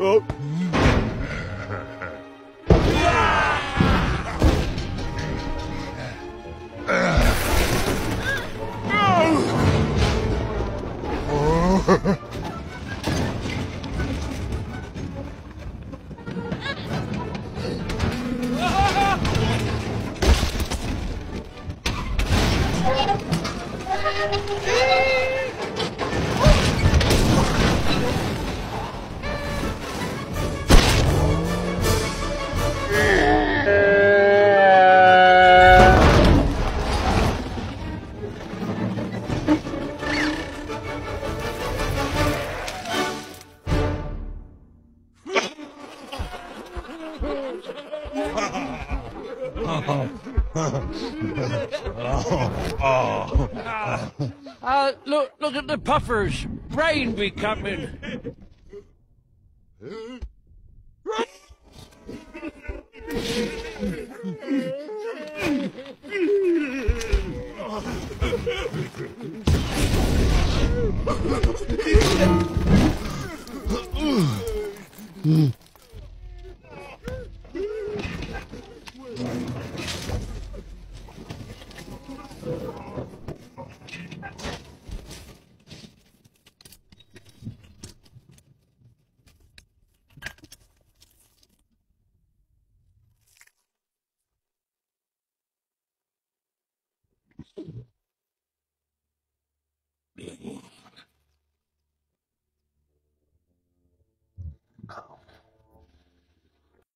oh. Yeah! Uh, look, look at the puffers. Rain be coming. Yeah.